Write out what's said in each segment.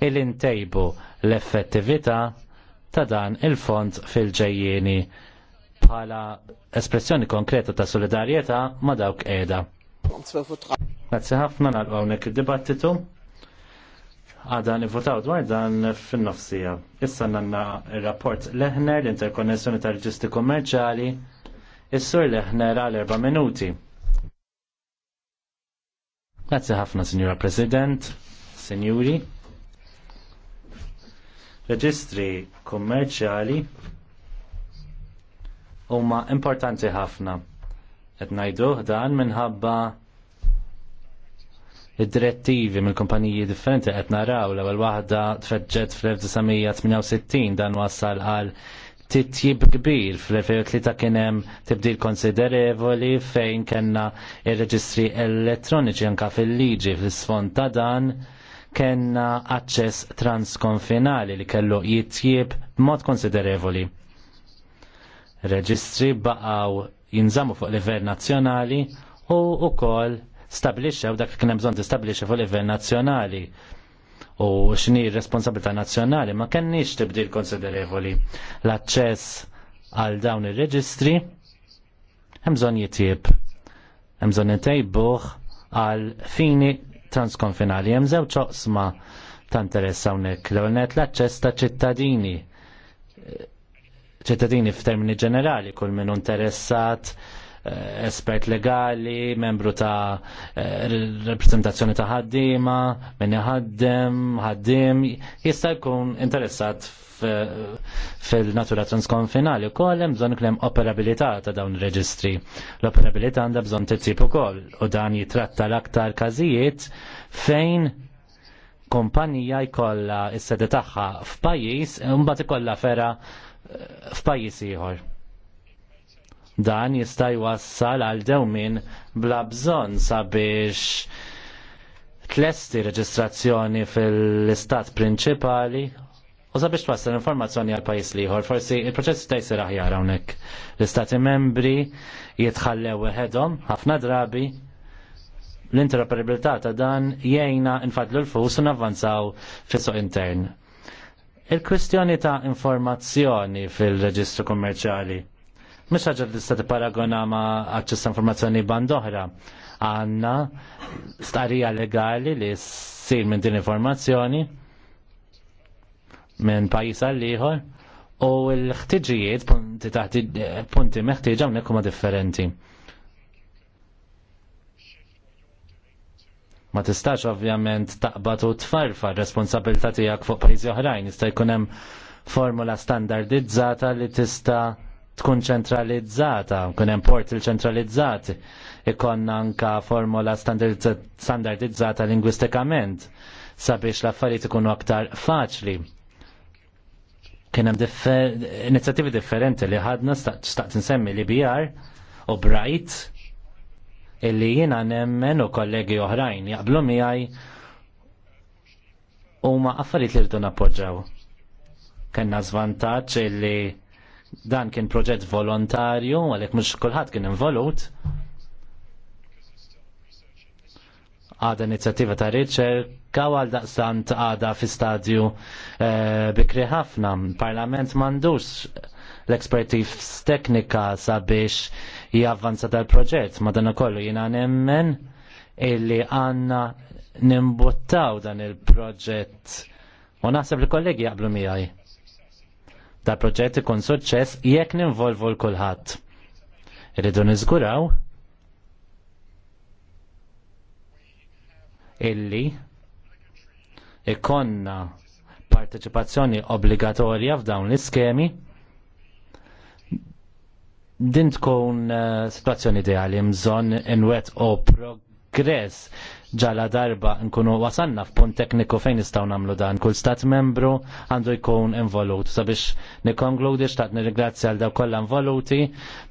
il-intejbu l-effettività ta' dan il-fond fil-ġejjieni bħala espressjoni konkreta ta' solidarjetà ma' dawk qiegħda. Grazzi ħafna nagħlqu hawnhekk id-dibattitu. Għada nivotaw dwar dan fin-nofsija. Issa nanna il-rapport Leħner l-interkonnessjoni tal reġisti kommerċali. Is-sur Leħner għal erba' minuti. Grazzi ħafna, Signora President, Signori. Reġistri kummerċjali huma importanti ħafna. Qed ngħiduh dan minħabba id-direttivi mill-kumpaniji differenti qed naraw l-ewwel waħda tfeġġet fl-1968 dan wassal għal titjib kbir fl-2003 kien hemm tibdil konsiderevoli fejn kellna ir-reġistri elettroniċi anke fil-liġi fl-isfond ta' dan kena aċċess transkonfinali li kellu jitjieb b'mod konsiderevoli. Reġistri baqaw jinżamu fuq livell nazzjonali u wkoll stabilixxew dak li kien hemm bżonn tistablixxi fuq livell nazzjonali u x'inhi r-responsabilità nazzjonali ma kenniex tibdil konsiderevoli. L-aċċess għal dawn ir-reġistri hemm bżonn jitjieb, hemm bżonn intejbuh għal fini transkonfinali. Hemm żewġ oqsma ta' interess hawnhekk. L-ewwel l-aċċess ta' ċittadini ċittadini f'termini ġenerali, kull min interessat Eh, espert legali, membru ta' eh, rappresentazzjoni ta' ħaddima, minn ħaddem, ħaddim, jista' jkun interessat fil-natura transkonfinali u koll hemm bżonn klem operabilità ta' dawn ir-reġistri. L-operabilità għandha bżonn titsib ukoll u dan jitratta l-aktar każijiet fejn kompanija jkollha s-sede tagħha f'pajjiż u mbagħad ikollha fera eh, f'pajjiż ieħor Dan jista' jwassal għal dewmin bla bżonn sabiex tlesti reġistrazzjoni fil-istat prinċipali u sabiex twassal informazzjoni għal pajis liħor. Forsi il-proċess ta' jsir aħjar hawnhekk. L-istati membri jitħallew weħedhom ħafna drabi l-interoperabilità ta' dan jgħina nfadlu l-fus u navvanzaw fis-suq intern. Il-kwistjoni ta' informazzjoni fil-reġistru kummerċali. Mish ħagġa li tista' paragona ma aċċess informazzjoni band oħra. Għanna starija legali li ssir minn din informazzjoni minn pajjiż għal ieħor u l-ħtiġijiet punti taħt punti meħtieġa hawnhekk huma differenti. ma tistax ovvjament taqbad u tfarfar responsabilità tiegħek fuq pajjiżi oħrajn, jista' jkun hemm formula standardizzata li tista' tkun ċentralizzata, kun hemm portal ċentralizzati, ikon anka formola standardizzata lingwistikament sabiex l-affarijiet ikunu aktar faċli. Kien hemm inizjattivi differenti li ħadna staqt insemmi li BR u Bright illi jiena nemmen u kollegi oħrajn jaqblu miegħi huma affarijiet li rridu nappoġġaw. Kenna żvantaġġ illi Dan kien proġett volontarju, għalhekk mhux kulħadd kien involut. Għada inizjattiva ta' riċerka għal daqsant għada fi stadju eh, bikri ħafna. Parlament mandux l-expertise teknika sabiex javvanza tal proġett Madonna kollu jina nemmen illi għanna nimbuttaw dan il-proġett. U naħseb li kollegi jgħablu miħaj ta' proġett ikun suċċess jekk ninvolvu l-kulħadd. Irridu niżguraw illi ikonna parteċipazzjoni obbligatorja f'dawn l-iskemi din tkun uh, situazzjoni ideali mżon inwet u progress ġala darba nkunu wasanna f'punt tekniku fejn nistgħu nagħmlu dan. Kull stat membru għandu jkun involut. Sabiex nikkonkludi xtaqt nirringrazzja għal daw kollan voluti,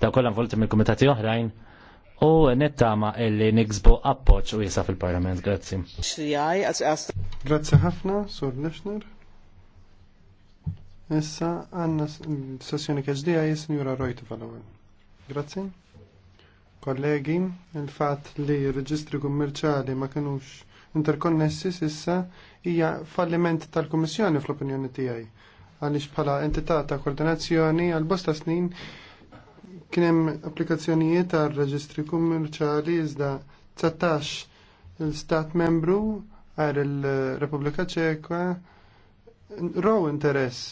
daw kollan voluti mill-kumitati oħrajn u nittama illi niksbu appoġġ u jisa fil-Parlament. Grazzi. Grazzi ħafna, Sur Lechner. Issa għanna sessjoni kħeġdija jura Rojtu fal-għu. Grazie kollegi, il-fat li reġistri kummerċali ma kienux interkonnessi sissa hija falliment tal-Kummissjoni fl-opinjoni tiegħi. Għaliex bħala entità ta' koordinazzjoni għal bosta snin kien hemm applikazzjonijiet għal reġistri kummerċali iżda 19 il-Stat membru għar il-Repubblika Ċekwa. raw interess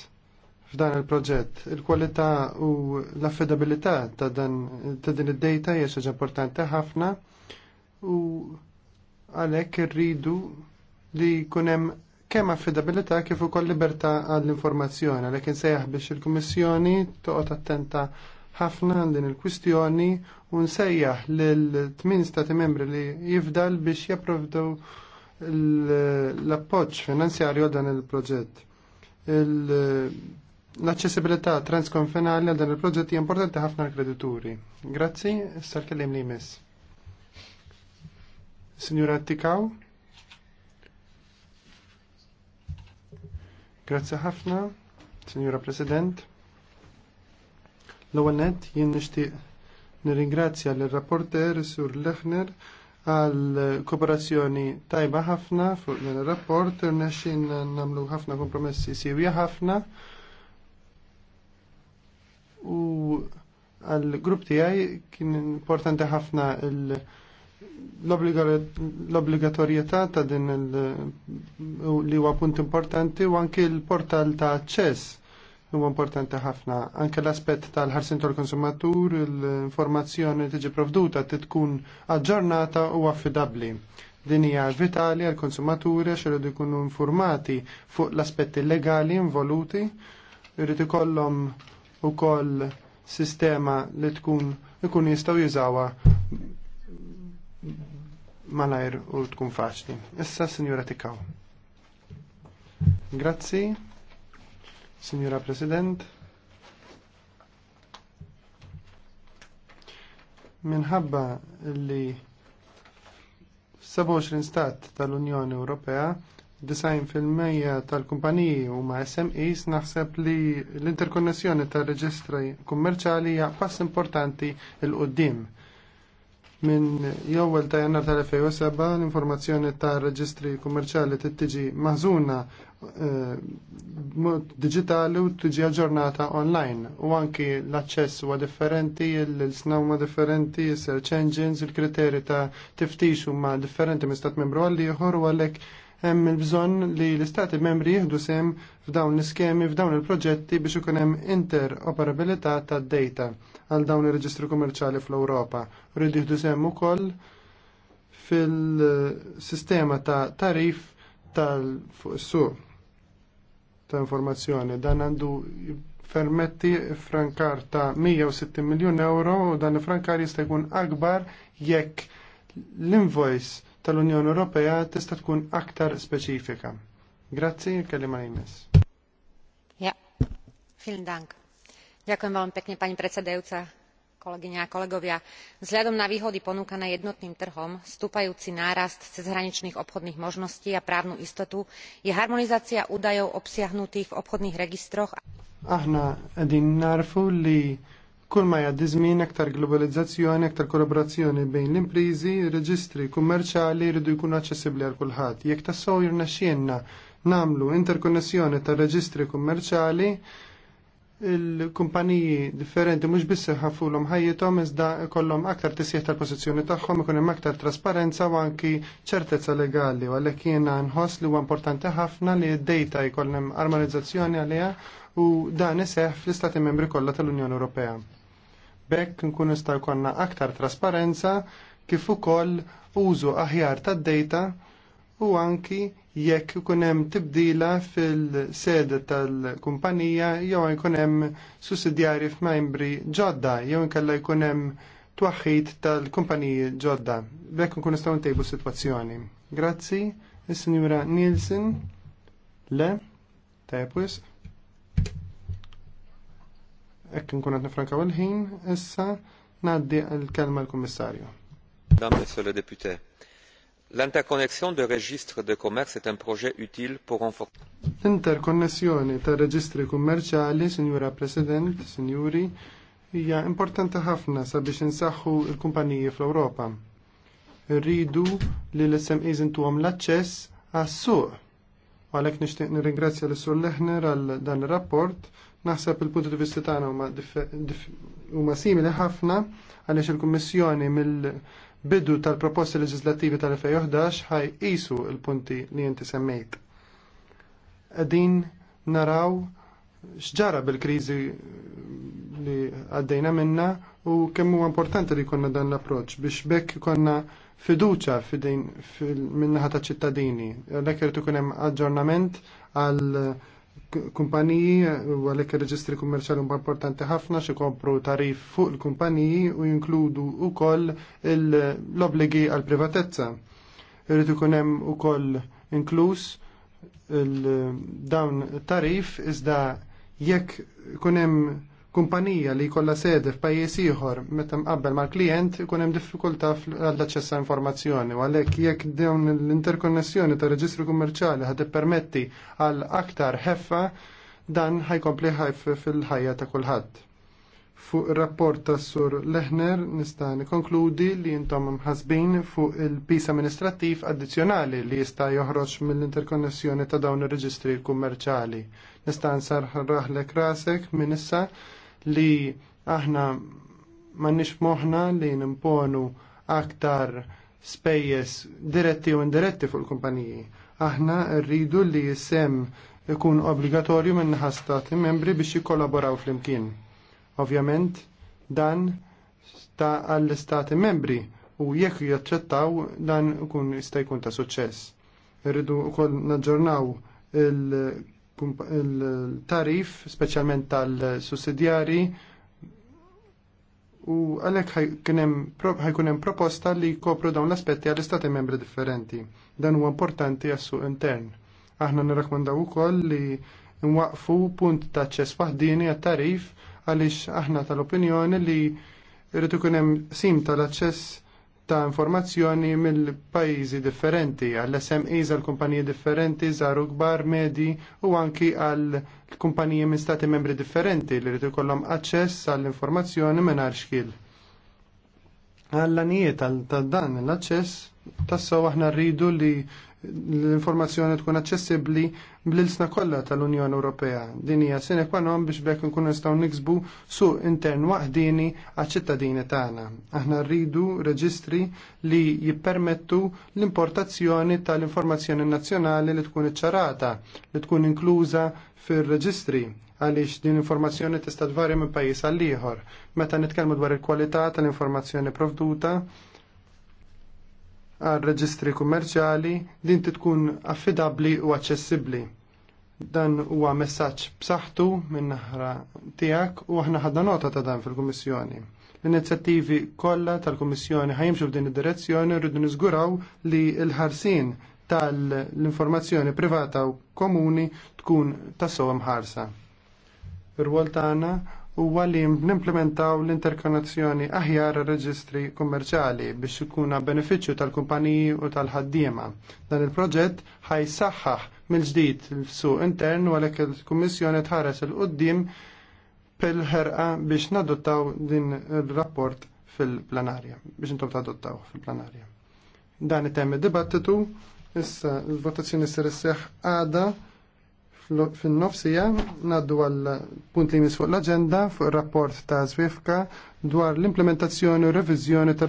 f'dan il-proġett. Il-kwalità u l-affidabilità ta' ta' din id-data hija xi importanti ħafna u għalhekk irridu li jkun hemm kemm affidabilità kif ukoll libertà għall-informazzjoni, għalhekk insejjaħ biex il-Kummissjoni toqgħod attenta ħafna din il-kwistjoni u nsejjaħ lil tmin stati membri li jifdal biex japprovdu l-appoġġ finanzjarju dan il-proġett. il proġett l accessibilità transkonfinali għal dan il-proġett hija importanti ħafna l-kredituri. Grazzi, sal kellim li jmiss. Signora Tikaw? Grazzi ħafna, Signora President. L-ewwel nett jien nixtieq nirringrazzja l rapporter Sur Lechner għal kooperazzjoni tajba ħafna fuq dan ir-rapport, nexxin nagħmlu ħafna kompromessi sewja ħafna Għal-grupp tiegħi kien importanti ħafna l-obbligatorjetà ta' din li huwa punt importanti u anke l-portal ta' aċċess huwa importanti ħafna. Anke l-aspett tal-ħarsin tal-konsumatur, l-informazzjoni tiġi provduta tkun aġġornata u affidabbli. Din hija vitali għall konsumaturi għax irid ikunu informati fuq l-aspetti legali involuti, irid ikollhom ukoll sistema li tkun ikun jistgħu jizawa malajr u tkun faċli. Issa signora Tikaw. Grazzi, Signora President. Minħabba li 27 stat tal-Unjoni Ewropea fil-mejja tal-kumpaniji huma SMEs naħseb li l-interkonnessjoni tal-reġistri kummerċali hija pass importanti l qoddim Minn jowel ta' jannar tal-2007 l-informazzjoni tal-reġistri kummerċali tittiġi maħżuna eh, mod digitali u tiġi aġġornata online u anki l-aċċess huwa differenti, l-snaw huma differenti, search engines, il-kriteri ta' tiftix huma differenti minn stat membru għal ieħor u għalhekk hemm il-bżonn li l-istati membri jieħdu sem f'dawn l-iskemi f'dawn il-proġetti biex ikun hemm interoperabilità tad-data għal dawn ir-reġistri kummerċali fl-Ewropa. Rridu jieħdu sem ukoll fil-sistema ta' tarif tal su ta' informazzjoni. Dan għandu permetti frankar ta' 160 miljon euro u dan frankar jista' jkun akbar jekk l-invoice tal-Unjoni Ewropea tista' tkun aktar speċifika. Grazzi, kellima Ines. Ja, vielen Dank. Ďakujem veľmi pekne, pani predsedajúca, kolegyňa a kolegovia. Vzhľadom na výhody ponúkané jednotným trhom, stúpajúci nárast cezhraničných obchodných možností a právnu istotu je harmonizácia údajov obsiahnutých v obchodných registroch. Ahna, edin narfu li Kull ma jgħaddi żmien aktar globalizzazzjoni, aktar kollaborazzjoni bejn l-imprizi, reġistri kummerċali jridu jkunu aċċessibbli għal kulħadd. Jekk tassew jirnexxielna nagħmlu interkonnessjoni ta' reġistri kummerċali, il-kumpaniji differenti mhux biss ħafu l ħajjithom iżda jkollhom aktar tisjeħ tal-pożizzjoni tagħhom ikun hemm aktar trasparenza u anki ċertezza legali u għalhekk jiena nħoss li huwa importanti ħafna li d-dejta jkoll hemm armonizzazzjoni għaliha u dan iseħħ fl-Istati Membri kollha tal-Unjoni Ewropea. Bekk nkun nistgħu jkollna aktar trasparenza kif ukoll użu aħjar tad-dejta u anki jekk ikun hemm tibdila fil-sede tal-kumpanija jew jkun hemm sussidjarji f'membri ġodda jew inkella jkun hemm twaħħid tal-kumpaniji ġodda. Bekk nkun nistgħu ntejbu sitwazzjoni. Grazzi, is-Sinjura Nielsen. Le, tajpwis. Ekk nkun għatna franka ħin issa naddi għal kelma l-Kummissarju. Dam, Monsieur le Député. L'interconnexion de registres de commerce est un projet utile pour renforcer. Interkonnessjoni tra registri commerciali, signora President, signori, hija importanti ħafna sabiex insaħħu l-kumpaniji fl-Ewropa. Rridu li l-SMEs intuhom l-aċċess għas-suq. Għalhekk nixtieq nirringrazzja lis sur Leħner għal dan ir-rapport. Naħseb il-punti di vista tagħna huma simili ħafna għaliex il-Kummissjoni mill bidu tal-proposti leġislattivi tal-2011 ħaj isu il-punti li inti semmejt. Qegħdin naraw xġara bil-kriżi li għaddejna minna u kemm huwa importanti li konna dan l-approċ biex bekk konna fiduċa fidejn minnaħa ta' ċittadini. Lekk irid ikun aġġornament għal kumpaniji u għalhekk ir-reġistri kummerċjali huma importanti ħafna xe kompru tarif fuq il-kumpaniji u jinkludu wkoll l-obbligi għal privatezza. Irid ikun hemm ukoll inkluż dawn tarif iżda jekk ikun hemm kumpanija li jkollha sede f'pajjiż ieħor meta mqabbel mal-klijent ikun hemm diffikultà għall-aċċess informazzjoni u għalhekk jekk dawn l-interkonnessjoni ta' reġistru kummerċjali ħad ippermetti għal aktar ħeffa dan ħajkompli ħajf fil-ħajja ta' kulħadd. Fuq ir-rapport tas Sur Lehner nista' nikkonkludi li intom mħasbin fuq il-pis amministrattiv addizzjonali li jista' joħroġ mill-interkonnessjoni ta' dawn ir-reġistri kummerċjali. Nista' nsarħraħlek rasek minn issa li aħna m'għandniex moħħna li nimponu aktar spejjeż diretti u indiretti fuq il-kumpaniji. Aħna rridu li jissem ikun obbligatorju minn stati membri biex jikollaboraw fl-imkien. Ovvjament, dan sta għall-istati membri u jekk jaċċettaw dan ikun jista' jkun ta' suċċess. Irridu wkoll naġġornaw il il-tarif, speċjalment tal-sussidjari, u għalek ħajkun hemm proposta li kopru dawn l-aspetti għal istati membri differenti. Dan huwa importanti għas-suq intern. Aħna nirrakmandaw ukoll li nwaqfu punt ta' ċess waħdini għat-tarif għaliex aħna tal-opinjoni li rrid ikun hemm sim tal-aċċess ta' informazzjoni mill-pajjiżi differenti, għall-SMEs, għall-kumpaniji differenti, żaru kbar, medi u anki għall-kumpaniji minn stati membri differenti li rridu kollhom aċċess għall-informazzjoni mingħajr xkil. għall għanijiet għal dan l-aċċess tassaw aħna rridu li l-informazzjoni tkun aċċessibbli bl-ilsna kollha tal-Unjoni Ewropea. Din hija sine qua non biex bekk nkunu nistgħu niksbu suq intern waħdini għaċ-ċittadini tagħna. Aħna rridu reġistri li jippermettu l-importazzjoni tal-informazzjoni nazzjonali li tkun iċċarata, li tkun inkluża fir-reġistri għaliex din informazzjoni tista' tvarja minn pajjiż għal ieħor. Meta nitkellmu dwar il-kwalità tal-informazzjoni provduta, għal reġistri kummerċjali din tkun affidabbli u aċċessibbli. Dan huwa messaġġ b'saħħtu minn naħra tiegħek u aħna ħadna nota ta' dan fil-Kummissjoni. L-inizjattivi kollha tal-Kummissjoni ħajimxu f'din id-direzzjoni rridu niżguraw li l-ħarsin tal-informazzjoni privata u komuni tkun tassew ħarsa. Ir-rwol tagħna huwa li nimplementaw l-interkonazzjoni aħjar reġistri kummerċali biex ikuna benefiċċju tal-kumpaniji u tal-ħaddiema. Dan il-proġett ħajsaħħaħ mill-ġdid l intern u għalhekk il-Kummissjoni tħares il qudiem pil-ħerqa biex nadottaw din il-rapport fil-planarja, biex intom tadottaw fil-planarja. Dan it-tem id-dibattitu, issa l-votazzjoni s-seħ għada Fin-nofsija naddu għal punt li fuq l-agenda fuq il-rapport ta' Zwifka dwar l-implementazzjoni u revizjoni ta'